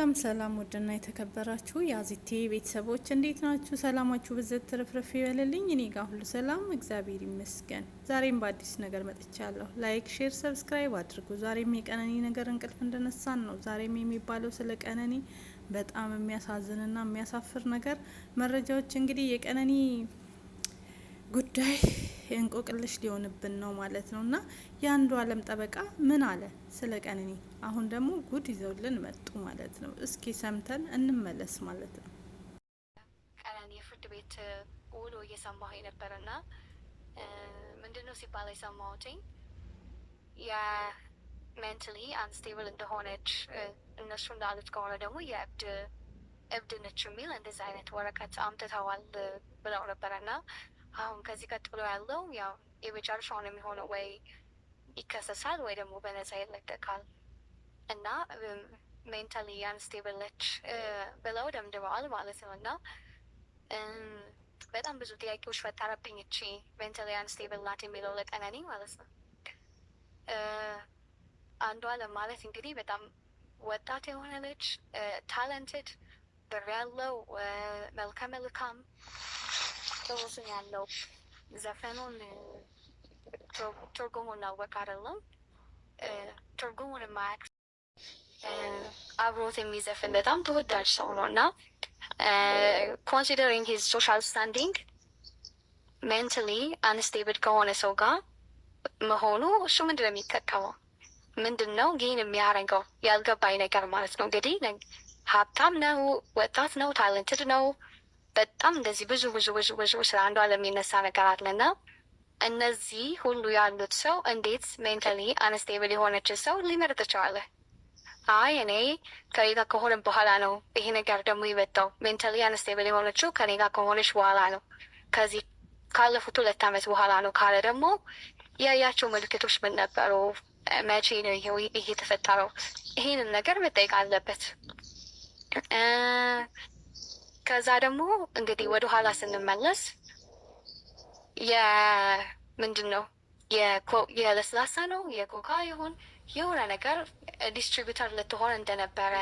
ሰላም ሰላም፣ ውድና የተከበራችሁ የአዚቴ ቤተሰቦች እንዴት ናችሁ? ሰላማችሁ ብዘት ትርፍርፍ ይበልልኝ። እኔ ጋር ሁሉ ሰላም እግዚአብሔር ይመስገን። ዛሬም በአዲስ ነገር መጥቻለሁ። ላይክ፣ ሼር፣ ሰብስክራይብ አድርጉ። ዛሬም የቀነኒ ነገር እንቅልፍ እንደነሳን ነው። ዛሬም የሚባለው ስለ ቀነኒ በጣም የሚያሳዝንና የሚያሳፍር ነገር መረጃዎች እንግዲህ የቀነኒ ጉዳይ እንቆቅልሽ ሊሆንብን ነው ማለት ነው። እና የአንዱ አለም ጠበቃ ምን አለ ስለ ቀነኒ? አሁን ደግሞ ጉድ ይዘውልን መጡ ማለት ነው። እስኪ ሰምተን እንመለስ ማለት ነው። ቀነኒ የፍርድ ቤት ውሎ እየሰማሁ የነበረና ምንድን ነው ሲባል የሰማሁትኝ የሜንታሊ አንስቴብል እንደሆነች እነሱ እንዳሉት ከሆነ ደግሞ የእብድ እብድ ነች የሚል እንደዚህ አይነት ወረቀት አምጥተዋል ብለው ነበረና አሁን ከዚህ ቀጥሎ ያለው ያው የመጨረሻውን የሚሆነው ወይ ይከሰሳል ወይ ደግሞ በነፃ ይለቀቃል እና ሜንታሊ አንስቴብለች ብለው ደምድበዋል ማለት ነው። እና በጣም ብዙ ጥያቄዎች ፈጠረብኝ እቺ ሜንታሊ አንስቴብል ናት የሚለው ለቀነኒ ማለት ነው። አንዷለም ማለት እንግዲህ በጣም ወጣት የሆነ ልጅ ታለንትድ፣ ብር ያለው መልከ መልካም ጥሩ ስም ያለው ዘፈኑን ትርጉሙን አወቅ አይደለም ትርጉሙን የማያውቅ አብሮት የሚዘፍን በጣም ተወዳጅ ሰው ነው እና ኮንሲደሪንግ ሂዝ ሶሻል ስታንዲንግ ሜንታሊ አንስቴብል ከሆነ ሰው ጋር መሆኑ እሱ ምንድን ነው የሚጠቀመው? ምንድን ነው ይህን የሚያረገው? ያልገባኝ ነገር ማለት ነው። እንግዲህ ሀብታም ነው፣ ወጣት ነው፣ ታለንትድ ነው በጣም እንደዚህ ብዙ ብዙ ብዙ ብዙ ስለ አንዱ ዓለም የሚነሳ ነገር አለና እነዚህ ሁሉ ያሉት ሰው እንዴት ሜንታሊ አንስቴብል የሆነች ሰው ሊመርጥ ቻለ? አይ እኔ ከሌላ ከሆነ በኋላ ነው ይሄ ነገር ደግሞ ይበጣው። ሜንታሊ አንስቴብል የሆነችው ከሌላ ከሆነች በኋላ ነው፣ ከዚህ ካለፉት ሁለት ዓመት በኋላ ነው ካለ ደግሞ ያያቸው ምልክቶች ምን ነበሩ? መቼ ነው ይሄ የተፈጠረው? ይሄንን ነገር መጠየቅ አለበት። ከዛ ደግሞ እንግዲህ ወደ ኋላ ስንመለስ የምንድን ነው የለስላሳ ነው የኮካ ይሁን የሆነ ነገር ዲስትሪቢተር ልትሆን እንደነበረ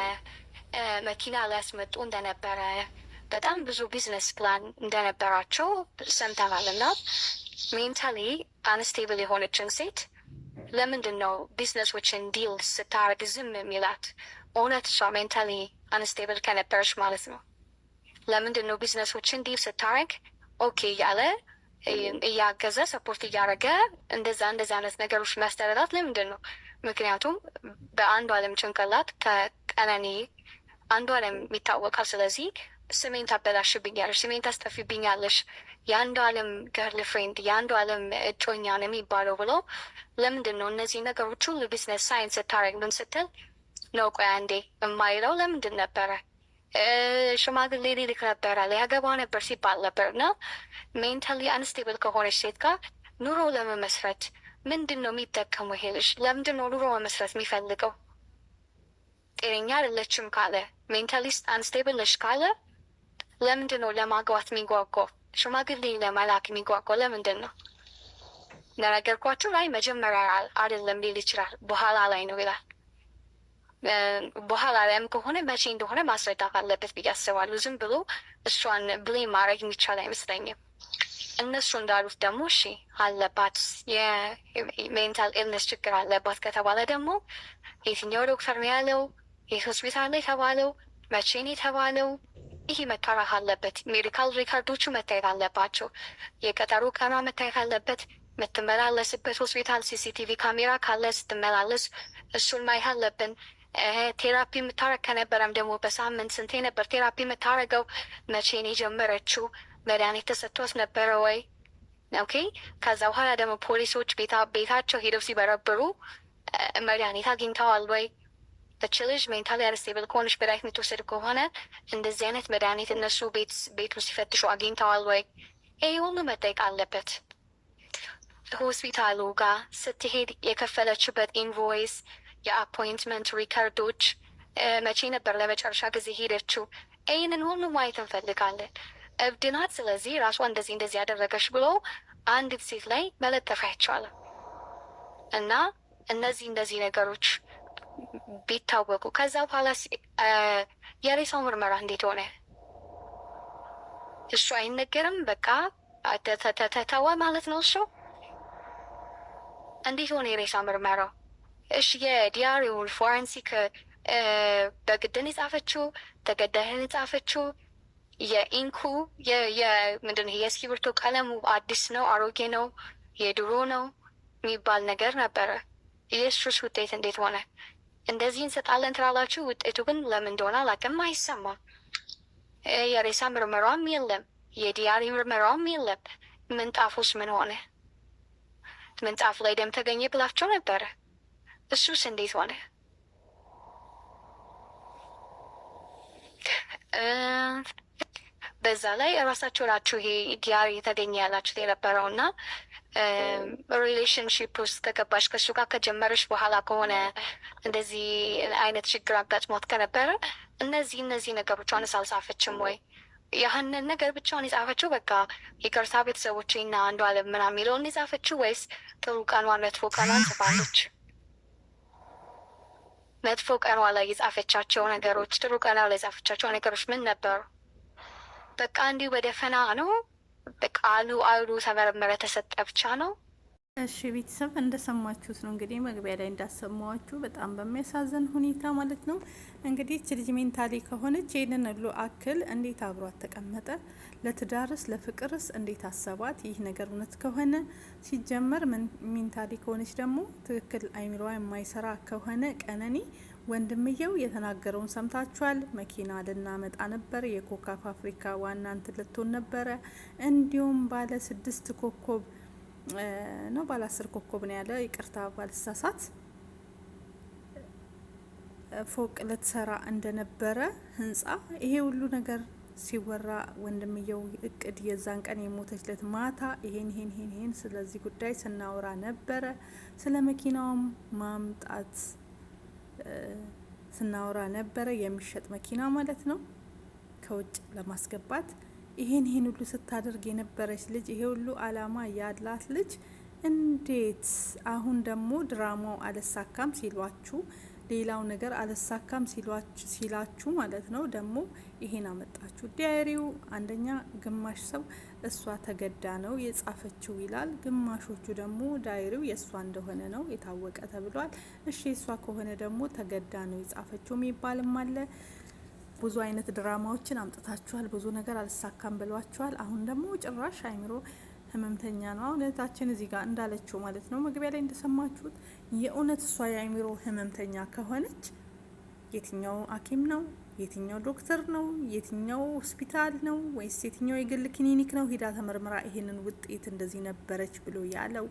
መኪና ሊያስመጡ እንደነበረ በጣም ብዙ ቢዝነስ ፕላን እንደነበራቸው ሰምተናል። እና ሜንታሊ አንስቴብል የሆነችን ሴት ለምንድን ነው ቢዝነሶችን ዲል ስታደርግ ዝም የሚላት? እውነት እሷ ሜንታሊ አንስቴብል ከነበረች ማለት ነው። ለምንድን ነው ቢዝነሶች እንዲህ ስታረግ ኦኬ እያለ እያገዘ ሰፖርት እያደረገ እንደዛ እንደዚ አይነት ነገሮች የሚያስተረዳት ለምንድን ነው? ምክንያቱም በአንዱ አለም ጭንቅላት ከቀነኔ አንዱ አለም ይታወቃል። ስለዚህ ስሜን ታበላሽብኛለሽ፣ ስሜን ታስጠፊብኛለሽ፣ የአንዱ አለም ገርል ፍሬንድ፣ የአንዱ አለም እጮኛ ነው የሚባለው ብሎ ለምንድን ነው እነዚህ ነገሮች ሁሉ ቢዝነስ ሳይንስ ስታረግ ምን ስትል ነው ቆይ አንዴ የማይለው ለምንድን ነበረ? ሽማግሌ ሊልክ ነበረ ሊያገባ ነበር ሲባል ነበር እና ሜንታሊ አንስቴብል ከሆነች ሴት ጋር ኑሮ ለመመስረት ምንድን ነው የሚጠቀሙ? ይሄ ልጅ ለምንድን ነው ኑሮ መመስረት የሚፈልገው? ጤነኛ አይደለችም ካለ ሜንታሊስት አንስቴብል ነች ካለ ለምንድን ነው ለማግባት የሚጓጓው? ሽማግሌ ለመላክ የሚጓጓው ለምንድን ነው? እንደነገርኳችሁ ላይ መጀመሪያ አይደለም ሊል ይችላል፣ በኋላ ላይ ነው ይላል። በኋላ ላይም ከሆነ መቼ እንደሆነ ማስረዳት አለበት ብዬ አስባለሁ። ዝም ብሎ እሷን ብሌ ማድረግ የሚቻል አይመስለኝም። እነሱ እንዳሉት ደግሞ እሺ አለባት የሜንታል ኤልነስ ችግር አለባት ከተባለ ደግሞ የትኛው ዶክተር ነው ያለው? ይህ ሆስፒታል ነው የተባለው? መቼ ነው የተባለው? ይህ መታረፍ አለበት። ሜዲካል ሪካርዶቹ መታየት አለባቸው። የቀጠሮ ቀኗ መታየት አለበት። የምትመላለስበት ሆስፒታል ሲሲቲቪ ካሜራ ካለ ስትመላለስ እሱን ማየት አለብን። ቴራፒ የምታረግ ከነበረም ደግሞ በሳምንት ስንቴ ነበር ቴራፒ የምታረገው? መቼን የጀመረችው? መድኃኒት ተሰጥቶስ ነበረ ወይ? ኦኬ። ከዛ በኋላ ደግሞ ፖሊሶች ቤታቸው ሄደው ሲበረብሩ መድኃኒት አግኝተዋል ወይ? ልጅ ሜንታሊ አንስቴብል ከሆነች መድኃኒት የምትወሰድ ከሆነ እንደዚህ አይነት መድኃኒት እነሱ ቤቱ ሲፈትሹ አግኝተዋል ወይ? ይሄ ሁሉ መጠየቅ አለበት። ሆስፒታሉ ጋር ስትሄድ የከፈለችበት ኢንቮይስ የአፖይንትመንት ሪከርዶች፣ መቼ ነበር ለመጨረሻ ጊዜ ሄደችው፣ ይህንን ሁሉ ማየት እንፈልጋለን። እብድ ናት፣ ስለዚህ ራሷ እንደዚህ እንደዚህ ያደረገች ብሎ አንዲት ሴት ላይ መለጠፍ አይቻልም። እና እነዚህ እንደዚህ ነገሮች ቢታወቁ ከዛ በኋላ የሬሳው ምርመራ እንዴት ሆነ? እሱ አይነገርም። በቃ ተተተተተዋ ማለት ነው። እሱ እንዴት ሆነ የሬሳ ምርመራው? እሺ የዲያሪ ውል ፎረንሲክ በግድን የጻፈችው ተገዳህን የጻፈችው የኢንኩ ምንድን የእስክሪብቶ ቀለሙ አዲስ ነው አሮጌ ነው የድሮ ነው የሚባል ነገር ነበረ። የሱስ ውጤት እንዴት ሆነ? እንደዚህ እንሰጣለን ትላላችሁ፣ ውጤቱ ግን ለምን እንደሆነ አላውቅም፣ አይሰማም። የሬሳ ምርመራም የለም፣ የዲያሪ ምርመራም የለም። ምንጣፉስ ምን ሆነ? ምንጣፉ ላይ ደም ተገኘ ብላቸው ነበረ። እሱስ እንዴት ሆነ? በዛ ላይ እራሳችሁ ናችሁ ይሄ ዲያሪ የተገኘ ያላችሁት የነበረው እና ሪሌሽንሽፕ ውስጥ ከገባሽ ከሱ ጋር ከጀመረሽ በኋላ ከሆነ እንደዚህ አይነት ችግር አጋጥሟት ከነበረ እነዚህ እነዚህ ነገሮቿን አልጻፈችም ወይ? ያህንን ነገር ብቻውን የጻፈችው በቃ ይቅርታ ቤተሰቦቼ እና አንዷለም ምናምን የሚለውን የጻፈችው ወይስ ጥሩ ቀኗን መጥፎ ቀኗን ጽፋለች? መጥፎ ቀኗ ላይ የጻፈቻቸው ነገሮች፣ ጥሩ ቀኗ ላይ የጻፈቻቸው ነገሮች ምን ነበሩ? በቃ እንዲሁ በደፈና ነው። በቃሉ አሉ ተመረመረ ተሰጠ ብቻ ነው። እሺ ቤተሰብ እንደሰማችሁት ነው እንግዲህ መግቢያ ላይ እንዳሰማችሁ በጣም በሚያሳዝን ሁኔታ ማለት ነው እንግዲህ እች ልጅ ሜንታሊ ከሆነች ይህንን ሁሉ አክል እንዴት አብሯት ተቀመጠ? ለትዳርስ ለፍቅርስ እንዴት አሰባት? ይህ ነገር እውነት ከሆነ ሲጀመር ሜንታሊ ከሆነች ደግሞ ትክክል አይምሮዋ የማይሰራ ከሆነ ቀነኒ ወንድምየው የተናገረውን ሰምታችኋል። መኪና ልናመጣ ነበር፣ የኮካ ፋብሪካ ዋና እንትን ልትሆን ነበረ፣ እንዲሁም ባለ ስድስት ኮከብ ነው ባለ አስር ኮከብ ነው ያለ ይቅርታ ባልሳሳት ፎቅ ልትሰራ እንደነበረ ህንጻ ይሄ ሁሉ ነገር ሲወራ ወንድምየው እቅድ የዛን ቀን የሞተችለት ማታ ይሄን ይሄን ይሄን ይሄን ስለዚህ ጉዳይ ስናወራ ነበረ። ስለ መኪናውም ማምጣት ስናወራ ነበረ። የሚሸጥ መኪና ማለት ነው ከውጭ ለማስገባት ይሄን ይሄን ሁሉ ስታደርግ የነበረች ልጅ ይሄ ሁሉ አላማ ያላት ልጅ እንዴት አሁን ደግሞ ድራማው አለሳካም ሲሏችሁ ሌላው ነገር አለሳካም ሲላችሁ ማለት ነው። ደግሞ ይሄን አመጣችሁ። ዲያሪው አንደኛ ግማሽ ሰው እሷ ተገዳ ነው የጻፈችው ይላል፣ ግማሾቹ ደግሞ ዳይሪው የእሷ እንደሆነ ነው የታወቀ ተብሏል። እሺ እሷ ከሆነ ደግሞ ተገዳ ነው የጻፈችው የሚባልም አለ። ብዙ አይነት ድራማዎችን አምጥታችኋል፣ ብዙ ነገር አልሳካም ብሏችኋል። አሁን ደግሞ ጭራሽ አይምሮ ህመምተኛ ነው አሁን እህታችን እዚህ ጋር እንዳለችው ማለት ነው መግቢያ ላይ እንደሰማችሁት የእውነት እሷ የአይምሮ ህመምተኛ ከሆነች የትኛው ሐኪም ነው የትኛው ዶክተር ነው የትኛው ሆስፒታል ነው ወይስ የትኛው የግል ክሊኒክ ነው ሂዳ ተመርምራ ይሄንን ውጤት እንደዚህ ነበረች ብሎ ያለው?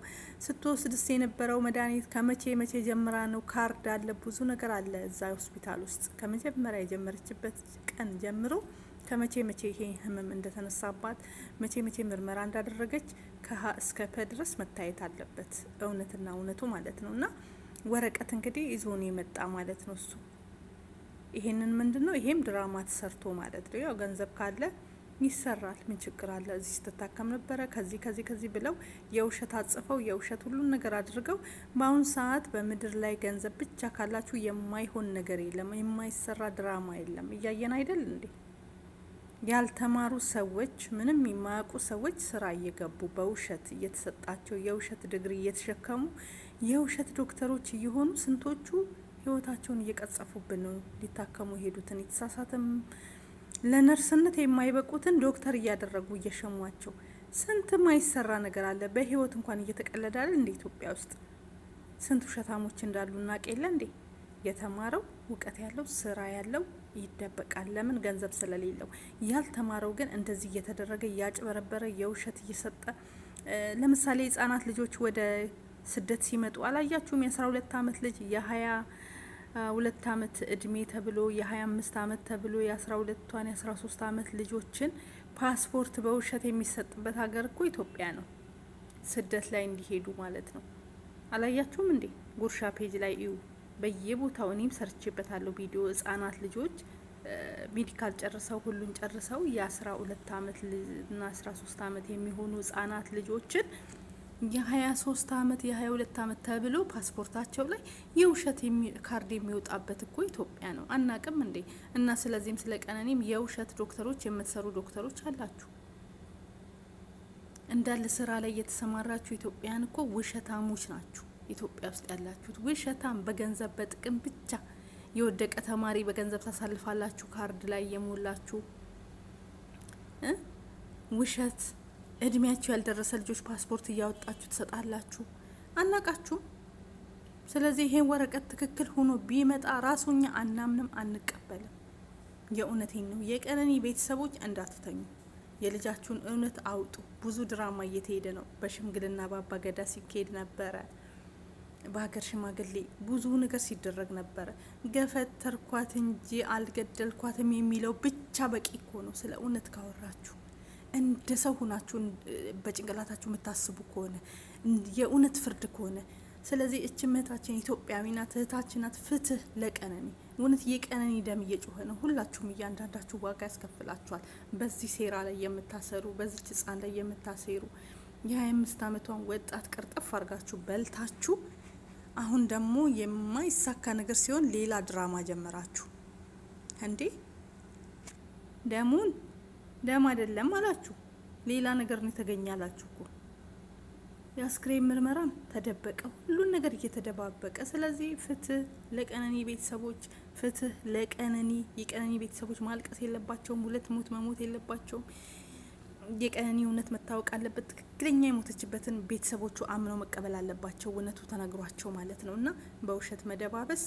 ስትወስድስ የነበረው መድኃኒት ከመቼ መቼ ጀምራ ነው? ካርድ አለ፣ ብዙ ነገር አለ እዛ ሆስፒታል ውስጥ ከመጀመሪያ የጀመረችበት ቀን ጀምሮ ከመቼ መቼ ይሄ ህመም እንደተነሳባት መቼ መቼ ምርመራ እንዳደረገች ከሀ እስከ ፐ ድረስ መታየት አለበት። እውነትና እውነቱ ማለት ነው። እና ወረቀት እንግዲህ ይዞን የመጣ ማለት ነው እሱ ይሄንን ምንድን ነው ይሄም ድራማ ተሰርቶ ማለት ነው። ያው ገንዘብ ካለ ይሰራል። ምን ችግር አለ? እዚህ ስትታከም ነበረ ከዚህ ከዚህ ከዚህ ብለው የውሸት አጽፈው የውሸት ሁሉን ነገር አድርገው በአሁኑ ሰዓት በምድር ላይ ገንዘብ ብቻ ካላችሁ የማይሆን ነገር የለም፣ የማይሰራ ድራማ የለም። እያየን አይደል እንዴ? ያልተማሩ ሰዎች፣ ምንም የማያውቁ ሰዎች ስራ እየገቡ በውሸት እየተሰጣቸው የውሸት ድግሪ እየተሸከሙ የውሸት ዶክተሮች እየሆኑ ስንቶቹ ህይወታቸውን እየቀጸፉብን ነው። ሊታከሙ ሄዱትን የተሳሳትም ለነርስነት የማይበቁትን ዶክተር እያደረጉ እየሸሟቸው ስንት ማይሰራ ነገር አለ። በህይወት እንኳን አለ እንደ ኢትዮጵያ ውስጥ ስንት ውሸታሞች እንዳሉ እናቅ የለ እንዴ? የተማረው እውቀት ያለው ስራ ያለው ይደበቃል። ለምን? ገንዘብ ስለሌለው። ያልተማረው ግን እንደዚህ እየተደረገ እያጭበረበረ የውሸት እየሰጠ ለምሳሌ ህጻናት ልጆች ወደ ስደት ሲመጡ አላያችሁም? የአስራ ሁለት አመት ልጅ የሀያ ሁለት አመት እድሜ ተብሎ የ25 አመት ተብሎ የ12ቷን የ13 አመት ልጆችን ፓስፖርት በውሸት የሚሰጥበት ሀገር እኮ ኢትዮጵያ ነው። ስደት ላይ እንዲሄዱ ማለት ነው። አላያችሁም እንዴ? ጉርሻ ፔጅ ላይ እዩ። በየቦታው እኔም ሰርቼበታለሁ ቪዲዮ ህጻናት ልጆች ሜዲካል ጨርሰው ሁሉን ጨርሰው የ12 አመት እና 13 አመት የሚሆኑ ህጻናት ልጆችን የ23 ዓመት የ22 ዓመት ተብሎ ፓስፖርታቸው ላይ የውሸት ካርድ የሚወጣበት እኮ ኢትዮጵያ ነው። አናቅም እንዴ? እና ስለዚህም ስለ ቀነኔም የውሸት ዶክተሮች የምትሰሩ ዶክተሮች አላችሁ እንዳለ ስራ ላይ የተሰማራችሁ ኢትዮጵያን እኮ ውሸታሞች ናችሁ። ኢትዮጵያ ውስጥ ያላችሁት ውሸታም፣ በገንዘብ በጥቅም ብቻ የወደቀ ተማሪ በገንዘብ ታሳልፋላችሁ፣ ካርድ ላይ የሞላችሁ ውሸት እድሜያቸው ያልደረሰ ልጆች ፓስፖርት እያወጣችሁ ትሰጣላችሁ። አናቃችሁም። ስለዚህ ይሄን ወረቀት ትክክል ሆኖ ቢመጣ ራሱ እኛ አናምንም፣ አንቀበልም። የእውነቴን ነው። የቀነኒ ቤተሰቦች እንዳትተኙ፣ የልጃችሁን እውነት አውጡ። ብዙ ድራማ እየተሄደ ነው። በሽምግልና በአባገዳ ሲካሄድ ነበረ። በሀገር ሽማግሌ ብዙ ነገር ሲደረግ ነበረ። ገፈት ተርኳት እንጂ አልገደልኳትም የሚለው ብቻ በቂ እኮ ነው፣ ስለ እውነት ካወራችሁ እንደ ሰው ሁናችሁ በጭንቅላታችሁ የምታስቡ ከሆነ የእውነት ፍርድ ከሆነ ስለዚህ እች እህታችን ኢትዮጵያዊ ናት፣ እህታችን ናት። ፍትህ ለቀነኒ እውነት የቀነኒ ደም እየጮኸ ነው። ሁላችሁም እያንዳንዳችሁ ዋጋ ያስከፍላችኋል። በዚህ ሴራ ላይ የምታሰሩ፣ በዚች ህጻን ላይ የምታሴሩ የሀያ አምስት አመቷን ወጣት ቅርጥፍ አድርጋችሁ በልታችሁ አሁን ደግሞ የማይሳካ ነገር ሲሆን ሌላ ድራማ ጀመራችሁ እንዴ ደሙን ደም አይደለም አላችሁ፣ ሌላ ነገር ነው የተገኛላችሁ እኮ የአስክሬን ምርመራም ተደበቀ፣ ሁሉን ነገር እየተደባበቀ። ስለዚህ ፍትህ ለቀነኒ ቤተሰቦች፣ ፍትህ ለቀነኒ። የቀነኒ ቤተሰቦች ማልቀስ የለባቸውም። ሁለት ሞት መሞት የለባቸውም። የቀነኒ እውነት መታወቅ አለበት። ትክክለኛ የሞተችበትን ቤተሰቦቹ አምነው መቀበል አለባቸው፣ እውነቱ ተነግሯቸው ማለት ነው። እና በውሸት መደባበስ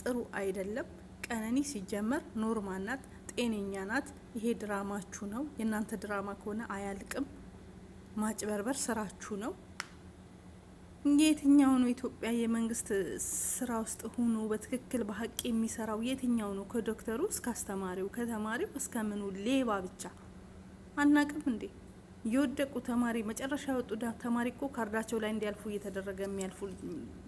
ጥሩ አይደለም። ቀነኒ ሲጀመር ኖርማ ናት፣ ጤነኛ ናት። ይሄ ድራማችሁ ነው። የእናንተ ድራማ ከሆነ አያልቅም። ማጭበርበር ስራችሁ ነው። የትኛው ነው ኢትዮጵያ የመንግስት ስራ ውስጥ ሆኖ በትክክል በሀቅ የሚሰራው የትኛው ነው? ከዶክተሩ እስከ አስተማሪው ከተማሪው እስከ ምኑ ሌባ ብቻ አናቅም እንዴ? የወደቁ ተማሪ መጨረሻ የወጡ ተማሪ እኮ ካርዳቸው ላይ እንዲያልፉ እየተደረገ የሚያልፉ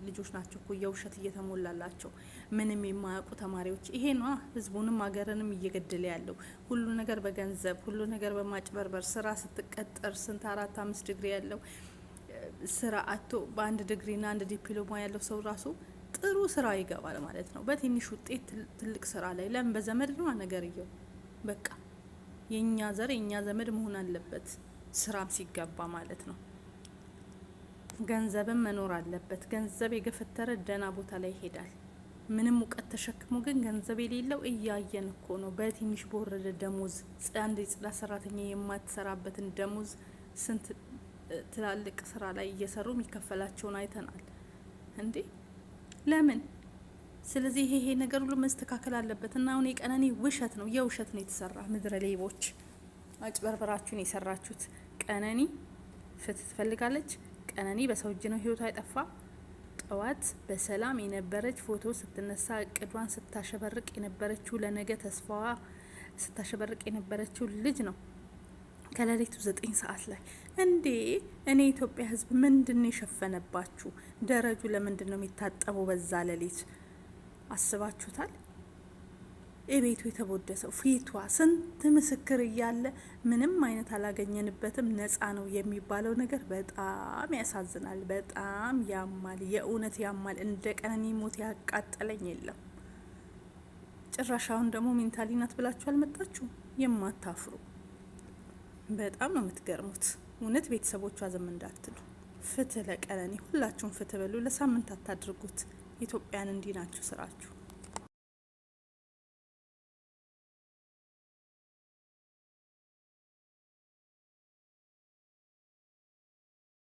ልጆች ናቸው እኮ የውሸት እየተሞላላቸው ምንም የማያውቁ ተማሪዎች። ይሄ ነ ህዝቡንም ሀገርንም እየገደለ ያለው ሁሉ ነገር በገንዘብ ሁሉ ነገር በማጭበርበር ስራ ስትቀጠር ስንት አራት አምስት ዲግሪ ያለው ስራ አቶ በአንድ ዲግሪና አንድ ዲፕሎማ ያለው ሰው ራሱ ጥሩ ስራ ይገባል ማለት ነው። በትንሽ ውጤት ትልቅ ስራ ላይ ለምን በዘመድ ነዋ ነገር እየው በቃ የእኛ ዘር የእኛ ዘመድ መሆን አለበት። ስራም ሲገባ ማለት ነው። ገንዘብም መኖር አለበት። ገንዘብ የገፈተረ ደህና ቦታ ላይ ይሄዳል። ምንም እውቀት ተሸክሞ ግን ገንዘብ የሌለው እያየን እኮ ነው። በትንሽ በወረደ ደሞዝ አንድ የጽዳት ሰራተኛ የማትሰራበትን ደሞዝ ስንት ትላልቅ ስራ ላይ እየሰሩ የሚከፈላቸውን አይተናል እንዴ! ለምን? ስለዚህ ይሄ ይሄ ነገር ሁሉ መስተካከል አለበት እና አሁን የቀነኔ ውሸት ነው፣ የውሸት ነው የተሰራ። ምድረ ሌቦች አጭበርበራችሁን የሰራችሁት ቀነኒ ፍትህ ትፈልጋለች። ቀነኒ በሰው እጅ ነው ህይወቷ የጠፋ። ጠዋት በሰላም የነበረች ፎቶ ስትነሳ እቅዷን ስታሸበርቅ የነበረችው ለነገ ተስፋዋ ስታሸበርቅ የነበረችው ልጅ ነው። ከሌሊቱ ዘጠኝ ሰዓት ላይ እንዴ! እኔ የኢትዮጵያ ህዝብ ምንድን የሸፈነባችሁ? ደረጁ ለምንድን ነው የሚታጠበው በዛ ሌሊት? አስባችሁታል? የቤቱ የተቦደሰው ፊቷ ስንት ምስክር እያለ ምንም አይነት አላገኘንበትም። ነፃ ነው የሚባለው ነገር በጣም ያሳዝናል። በጣም ያማል። የእውነት ያማል። እንደ ቀነኒ ሞት ያቃጠለኝ የለም። ጭራሽ አሁን ደግሞ ሜንታሊ ናት ብላችሁ አልመጣችሁ የማታፍሩ በጣም ነው የምትገርሙት። እውነት ቤተሰቦቿ ዘም እንዳትሉ። ፍትህ ለቀነኒ፣ ሁላችሁም ፍትህ በሉ። ለሳምንት አታድርጉት። ኢትዮጵያን እንዲህ ናችሁ ስራችሁ።